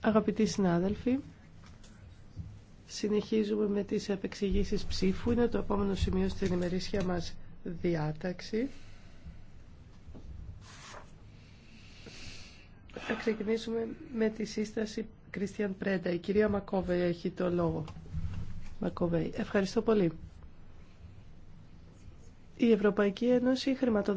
Αγαπητοί συνάδελφοι, συνεχίζουμε με τις επεξηγήσεις ψήφου. Είναι το επόμενο σημείο στην ημερήσια μας διάταξη. Θα ξεκινήσουμε με τη σύσταση Κριστιαν Πρέντα. Η κυρία Μακόβε έχει το λόγο. Μακοβέη. Ευχαριστώ πολύ. Η Ευρωπαϊκή Ένωση χρηματοδοτεί